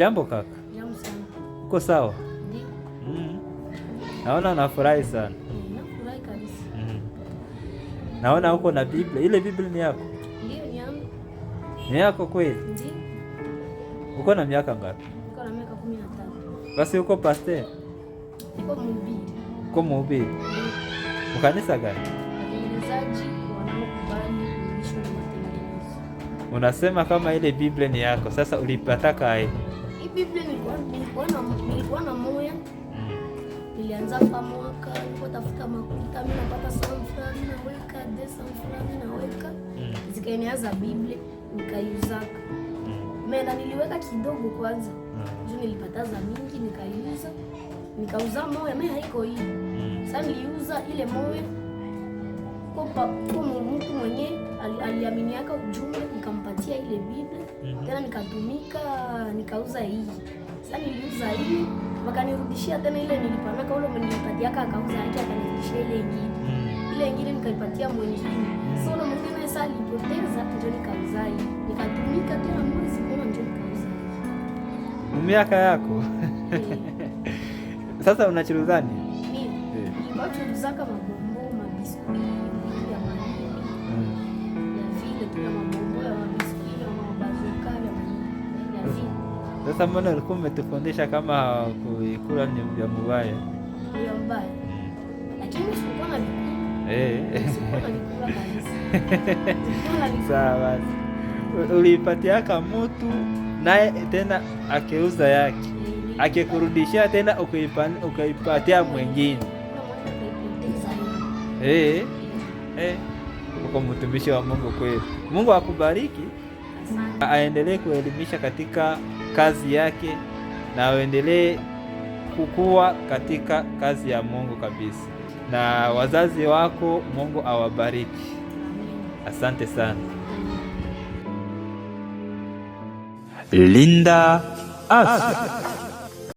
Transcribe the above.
Jambo kaka. Jambo sana. Uko sawa? Ndio. Mm. Naona nafurahi sana. Nafurahi kabisa. Mm. Naona uko na Biblia. Ile Biblia ni yako? Ndio, ni yangu. Ni yako kweli? Ndio. Uko na miaka ngapi? Niko na miaka 15. Basi uko pastor? Niko mhubiri. Uko mhubiri? Mkanisa gani? Mkanisa Unasema kama ile Biblia ni yako, sasa ulipata kae Biblia nilikuwa na moya, mm. nilianza mwaka nilikuwa tafuta makuta, mimi napata sehemu fulani naweka desa fulani naweka, mm. zikanianza Biblia nikaiuzaka mena, mm. niliweka kidogo kwanza juu nilipataza mingi, nikaiuza nikauza moya, mimi haiko hivi sasa, niliuza ile moya kwa mtu mwenye dhamini yake ujumbe, nikampatia ile Biblia mm -hmm. Tena nikatumika nikauza hii sasa, niliuza hii wakanirudishia tena ile nilipanaka ule nilipatia yake akauza yake akanirudishia ile ingine mhm. ile ingine nikaipatia mhm. mwingine, so na mwingine sasa nilipoteza, ndio nikauza hii nikatumika tena mwezi mmoja ndio nikauza hii miaka yako eh. sasa unachuruzani mimi eh. ni watu churuzaka mabombo mabiskuti Sasa mbona ulikuwa umetufundisha kama kuikula ni vya mubaya? Eh. Sawa, ka mutu naye tena akeuza yake mm-hmm. akikurudishia tena ukaipatia mwengine. Eh. Eh. uko mtumishi wa Mungu kweli. Mungu akubariki aendelee kuelimisha katika kazi yake na aendelee kukua katika kazi ya Mungu kabisa. Na wazazi wako, Mungu awabariki. Asante sana. Linda Afya.